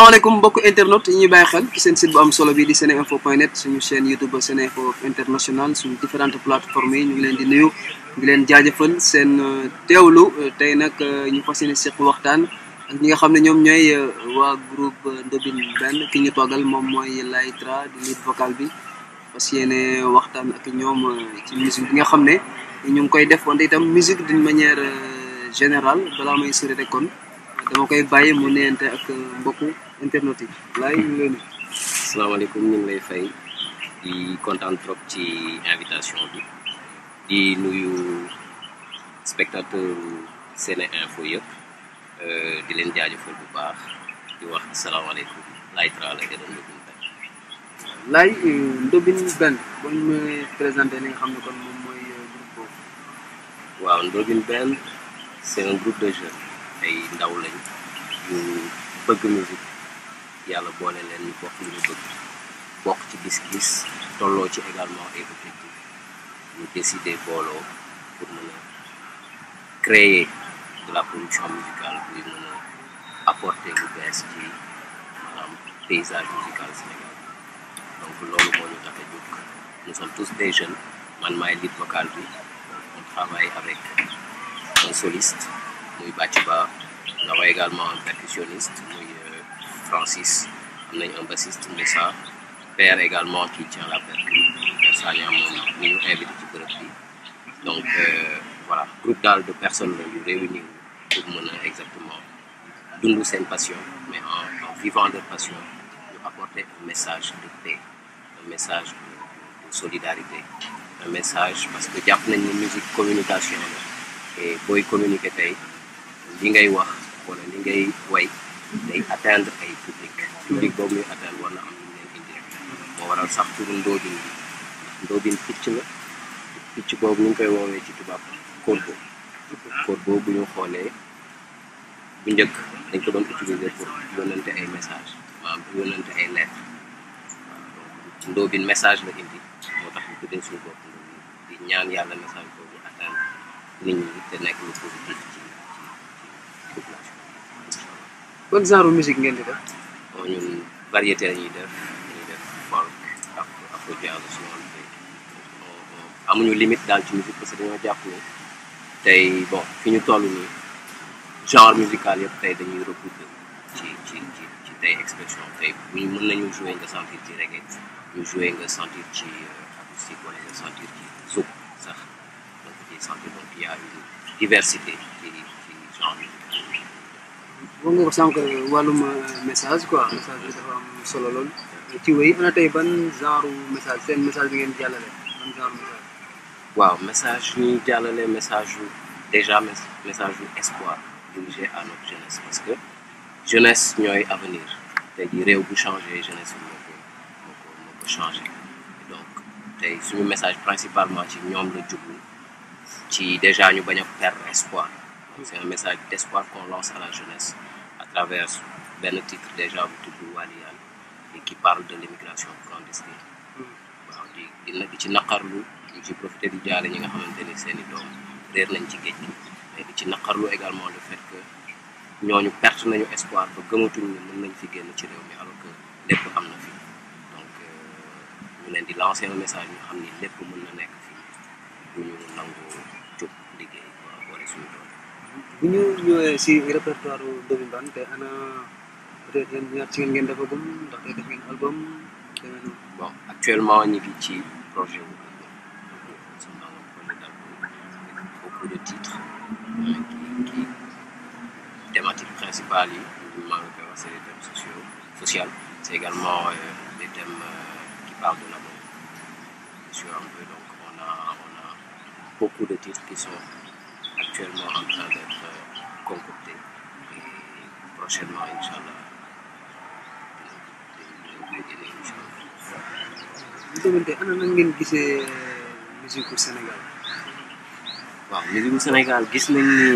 salaamaaleykum mbokk internet yi ñuy bàyyi xel seen site bu am solo bi di seneinfo point net suñu chaîne youtube seneinfo international suñu différentes plateformes yi ñu ngi leen di nuyu ngi leen jaajëfal seen euh, teewlu euh, tey nag euh, ñu fas yéene waxtaan ñi nga xam ne ñoom ñooy waa groupe Ndobine benn ñu toogal moom mooy Laytra di lead vocal bi fas waxtaan ak ñoom ci musique bi nga xam ne ñu ngi koy def wante itam musique d'une manière générale balaa may sori rek kon dama koy bàyyi mu neente ak mbokku internet yi. laay ñu ngi lay fay di kontaan trop ci invitation bi di nuyu spectateur Sene Info yëpp euh, di leen jaajëfal bu baax di wax asalaamaaleykum laay tra la gën a ndóbin benn. laay euh, ndóbin benn ba ñu ma présenté li nga xam na kon moom mooy euh, groupe boobu. waaw ndóbin benn c'est un groupe de jeunes ay ndaw lañ yu bëgg musique yàlla boole leen ñu bokk lu ñu bëgg bokk ci gis-gis tolloo ci également ay objectifs ñu décider booloo pour mën a créer de la production musicale buy mën a apporter lu bees ci maanaam paysage musical Sénégal donc loolu moo ñu tax a jóg nous sommes tous des jeunes man maay lead vocal bi on travaille avec un soliste muy Bachiba on a également un percussionniste muy. Francis am nañu un bassiste Messa père également qui tient la percussion Messa Niang moom ñu ñu invité ci donc euh, voilà groupe daal de personnes la ñu réunir pour mën exactement dund seen passion mais en en vivant leur passion ñu apporter message de paix un message de, solidarité un message parce que jàpp nañ ni communication la et booy communiquer tey ngay wax wala li ngay way day atteindre ay public public boobu muy atteindre war na am ñu indi moo waral sax turu ndoobin picc la picc boobu ñu ngi koy woowee ci tubaab corbeau corbeau bu ñu xoolee bu njëkk dañ ko doon utiliser pour yónnante ay message ndoobin message la indi moo tax ñu tuddee suñu bopp di ñaan yàlla message boobu atteindre nit ñi te nekk lu positif ci ci population ban genre musique ngeen di def. variété la ñuy def amuñu limite daal ci musique parce que dañoo jàpp ni tey bon fi ñu toll nii genre musical yëpp tey dañuy recouper ci ci ci ci tey expression tey buñ mën nañu jouer nga sentir ci reggae ñu jouer nga sentir ci euh, acoustique wala nga sentir ci souk sax donc ci sentir donc il y diversité boo nga ko message quoi message bi dafa am solo ban genre message seen message bi ngeen jàllale ban waaw message yu ñuy jàllale message yu déjà message yu espoir dirigé à notre jeunesse parce que jeunesse ñooy avenir tey jii réew bu changé jeunesse bi donc tey suñu message principalement ci ñoom la jublu ci déjà ñu bañ a perdre espoir. c'est un message d'espoir qu'on lance à la jeunesse à travers benn titre déjà bu tudd Waliyaan et parle de l'immigration clandestine hmm. waaw di dina di ci naqarlu ñu ci profité di jaale ñi nga xamante ni seeni i doom réer nañ ci géej mais ci naqarlu également le fait que ñooñu perte nañu espoir ba gëmatuñ ne mën nañ fi génn ci réew mi alors que lépp am na fi donc euh, ñu leen di lancer un message ñu xam ni lépp mën na nekk bu ñu ñëwee si répertoire Ndoumbe Bane te ana peut être yéen ñaar ci ngeen defagum ndax tey def ngeen album demee bon actuellement ñu ngi ci projet wu beaucoup de titres euh, qui thématiques principales yi du ma koy wax c'est euh, des thèmes sociaux social c'est également des thèmes qui parlent de l'amour sur un peu donc on a on a beaucoup de titres qui sont actuellement en train d'être kon te eh, prochainement incha allah dégante ana nan ngeen gisee eh, musique Sénégal. waaw Sénégal gis nañ ni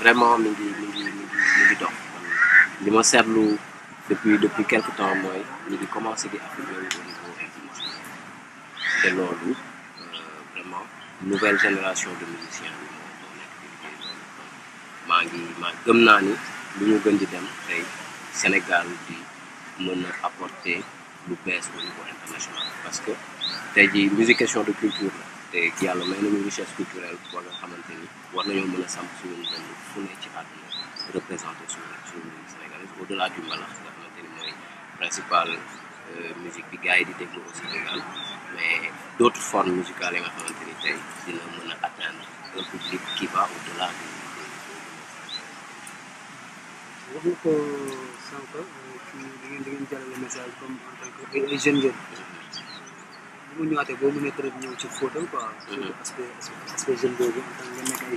vraiment mi ngi mi ngi mi ngi li ma seetlu depuis depuis quelque temps mooy ñu ngi commencé di affaiblir au niveau euh, génération de musiciens. maa ngi maa gëm naa ni lu ñu gën di dem tey Sénégal di mën a apporter lu bees au international parce que tey jii musique de culture la te yàlla may nañu richesse culturelle ba nga xamante ni war nañoo mën a samp suñu ne ci àdduna représenter suñu suñu sénégalais au euh, yi di déglu au Sénégal mais d'autres formes musicales yi nga xamante ni tey dina mën a atteindre un public qui au delà du wax nga ko sànq ci di ngeen di ngeen jàllale message comme en tant que ay jeunes ngeen. bu ma ñëwaatee boo mënee peut être ñëw ci fóotal quoi. Mhm. surtout aspect aspect jeune boobu en tant que mhm. nga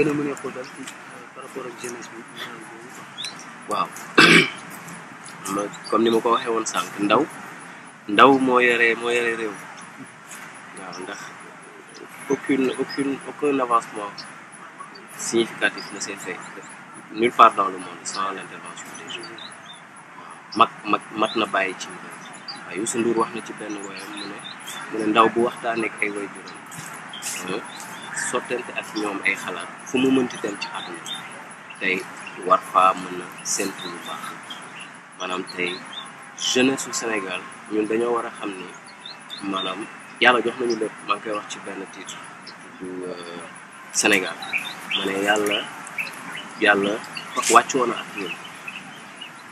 euh, nekk euh, par rapport ak jeunesse bi. waaw comme ni ma ko waxee woon sànq ndaw ndaw moo yore moo yore réew waaw ndax aucune aucune aucun avancement. significatif ne s'est fait nulle part dans le monde sans l'intervention des jeunes mag mag mat na bàyyi ci mbir waaye Youssou Ndour wax na ci benn woyam mu ne mu ne ndaw bu waxtaanee ak ay way juróom sottante ak ñoom ay xalaat fu mu mënti dem ci àdduna tey war faa mën a séntu lu baax maanaam tey jeunesse su Sénégal ñun dañoo war a xam ni maanaam yàlla jox nañu lépp maa ngi koy wax ci benn titre euh, Sénégal ma yàlla yàlla wàccoon ak ñun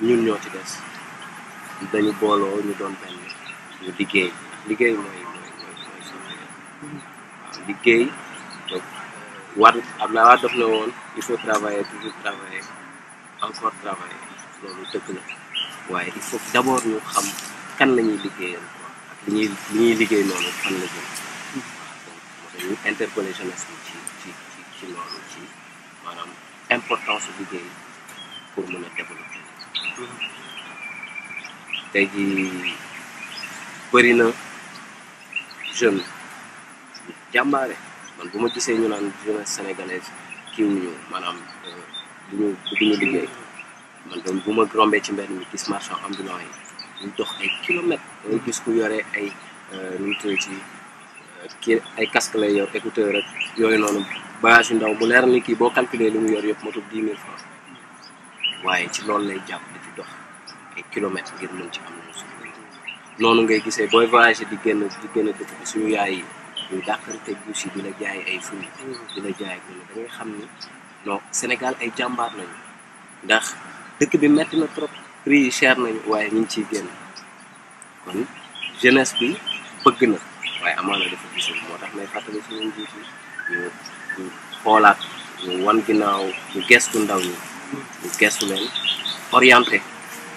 ñun ñoo ci des dañu booloo ñu doon benn ñu liggéey liggéey mooy mooy mooy suñu waaw liggéey euh, war am naa waa def ne woon il faut travailler toujours travailler encore travailler loolu dëgg la waaye il faut d'abord ñu xam kan la ñuy liggéeyal ak ñuy liggéey noonu fan la jëm waaw donc moo tax ci loolu importance liggéey pour mën a développer tey jii bëri na jeune jàmbaare man bu ma gisee ñu naan jeunesse sénégalaise kii wuñu maanaam euh, duñu duñu liggéey man doon bu ma rombee ci mbedd mi gis marchand ambulant yi ñu ay kilomètres danga gis ku yore ay euh, nu mu tudd euh, kii ay casque lay yor écouteur rek yooyu noonu bagage yu ndaw bu leer ni kii boo calculer li mu yor yëpp motul dix mille francs waaye ci loolu lay jàpp di ci dox ay kilomètres ngir mën ci am noonu ngay gisee booy voyagé di génn di génn dëkk bi suñu yaay yi ñu dàqante guus yi di la jaay ay fruits di la jaay ko da xam ni non Sénégal ay jàmbaar lañu ndax dëkk bi metti na trop prix yi cher nañu waaye ñu ngi ciy génn kon jeunesse bi bëgg na waaye amaana dafa gisul moo tax may fàttali suñu njiit xoolaat wan ginnaaw ñu gestu ndaw ñi ñu gestu leen orienté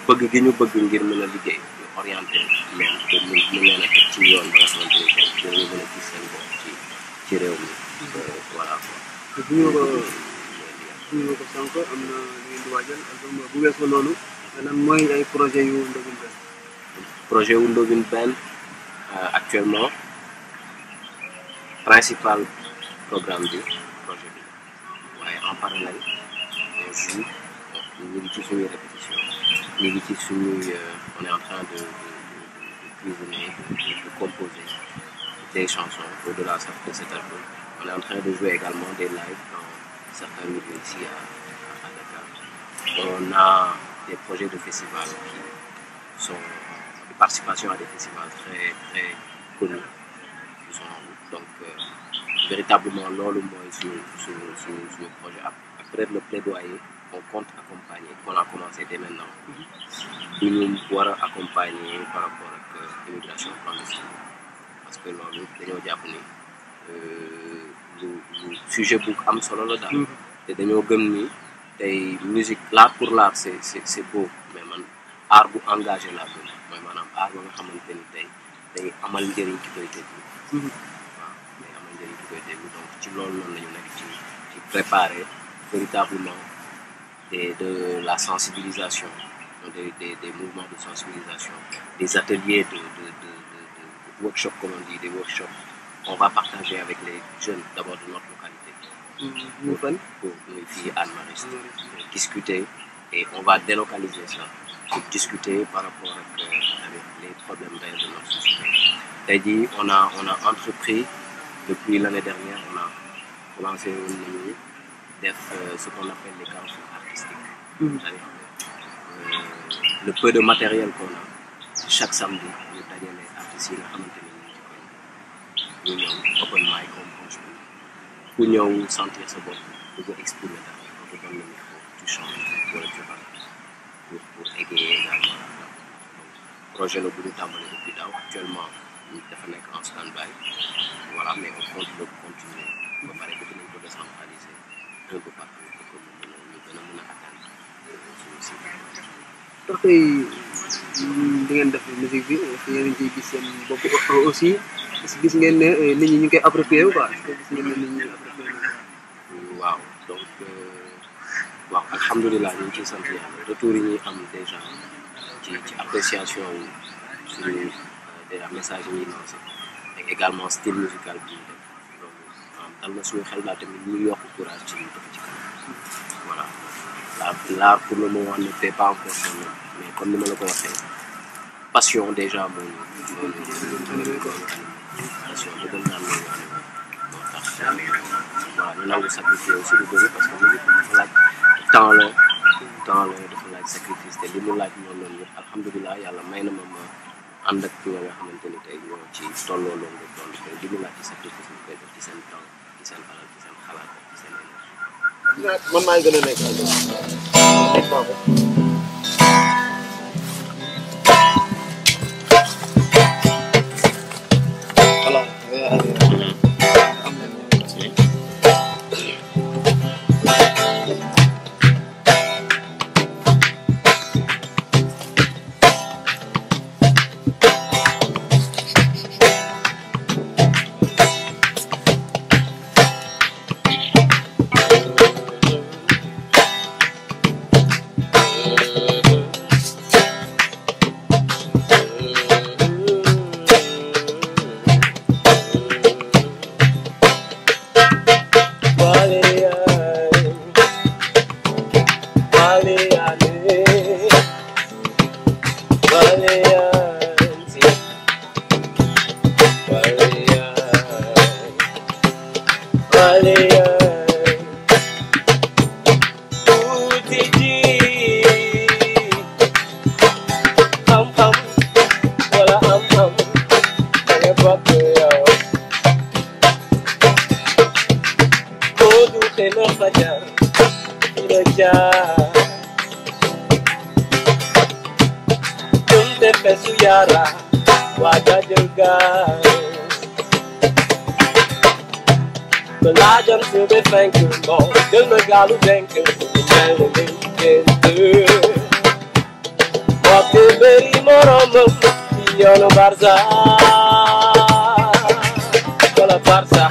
bëgg gi ñu bëgg ngir mën a liggéey ñu orienté leen mu mën leen a ci yoon ba ci réew mi euh, voilà euh, euh, ko loolu lan mooy ay projet yu Ndogune benn projet wu Ndogune benn actuellement principal programme bi projet bi en parallèle on joue ngi ci suñuy répétition ñu ngi on est en train de cuisiner de composer des chansons au-delà de cet album on est en train de jouer également des lives dans certains milieux à, à on a des projets de festivals qui sont des participations à des festivals très connus véritablement loolu mooy suñu suñu suñu suñu projet après le plaidoyer on compte accompagner qu'on a commencé dès maintenant ñu ñu war a accompagner par rapport ak immigration clandestine parce que loolu dañoo jàpp ni euh, lu lu sujet bu am solo la daal mm-hmm. te dañoo gëm ni tey musique l'art pour l'art c'est c'est c'est beau mais man art bu engagé laa gëm mooy maanaam art ba nga xamante ni tey day amal njëriñ ci béykat ñu koy déglu donc ci loolu loolu la ñu nekk ci préparer véritablement des de la sensibilisation des des des mouvements de sensibilisation des ateliers de de de de, de workshops comme on dit des workshops on va partager avec les jeunes d'abord de notre localité. Mmh, pour muy à Mariste discuter et on va délocaliser ça par rapport avec, euh, les problèmes de notre société. tey jii on a on depuis l'année dernière, on a commencé à faire ce qu'on appelle les campings artistiques. Mm. Euh, le peu de matériel qu'on a, chaque samedi, nous avons les artistes qui nous avons open mic, on branche. Pour ce bon, exprimer ça, pour pour le faire, pour, pour égayer également. Donc, projet le actuellement, dafa nekk en stand-by voilà mais on compte le continuer ba pare bëgg nañ ko décentraliser un peu partout pour que ñu gën a mën a atteindre euh, suñu si. di ngeen def musique bi gis seen bopp aussi parce euh, gis ngeen ne nit ñi ñu koy approprier quoi est que gis ngeen ne nit ñi waaw donc euh, waaw alhamdulilah ñu ngi ciy sant yàlla retour yi ñuy am déjà ci ci appréciation déjà message yi ñuy lancé style musical bi ñuy def loolu dal na suñu xel daal ñu yokk courage ci li def ci kanam voilà la l'art pour le moment ne fait pas encore son mais comme ni ma la ko waxee passion passion bi moo tax nangu sacrifier aussi lu bëri parce que mu dafa laaj temps la la dafa laaj sacrifice te li mu laaj noonu may na ma ma ànd ak ki nga xamante ni tey ñoo ci tolloo loolu nga toll tey di mën a gis sa business ñu koy def ci seen temps ci seen alal ci seen xalaat ci seen énergie. man maa gën a nekk ak te loo fajar du la jaar donte fesu yara waaja jël gaal balaa jëm sube fenk bon jël na gaalu denk mel ni gént waxtu bëri moromam ci yoonu barsa wala barsa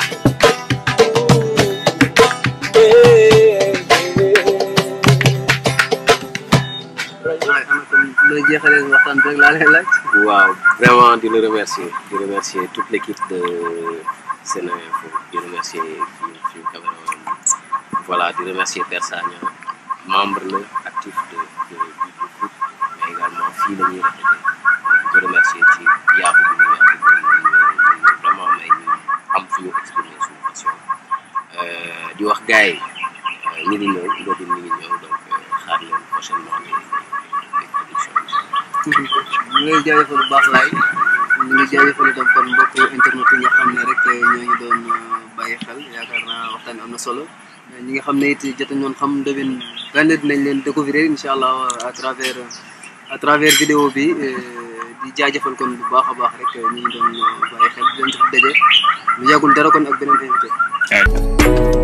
jeexalee waxtaan bi rek laa lay laaj. waaw vraiment di la remercier di remercier toute l' équipe de Sénéinfo di remercier suñu suñu caméraman voilà di remercier Père Sagna membre la actif de également fii la di ko remercier ci yaatu bi ñu yaatu bi ñu vraiment may ñu am fu ñu exprimer suñu passion euh, di wax gars yi euh, ñu ngi ñëw euh, loolu ñu ngi lay jaajëfal bu baax laay ñu ngi jaajëfal itam kon mbokk internet yi nga xam ne rek eh, ñoo ngi doon eh, bàyyi xel yaakaar naa waxtaan am na solo eh, ñi nga xam ne it jot ñoon xam déwén ren dinañ leen découvrir incha allah à travers à travers vidéo bi di jaajëfal kon bu baax a baax rek ñu ngi doon bàyyi xel di leen dara kon ak beneen invité.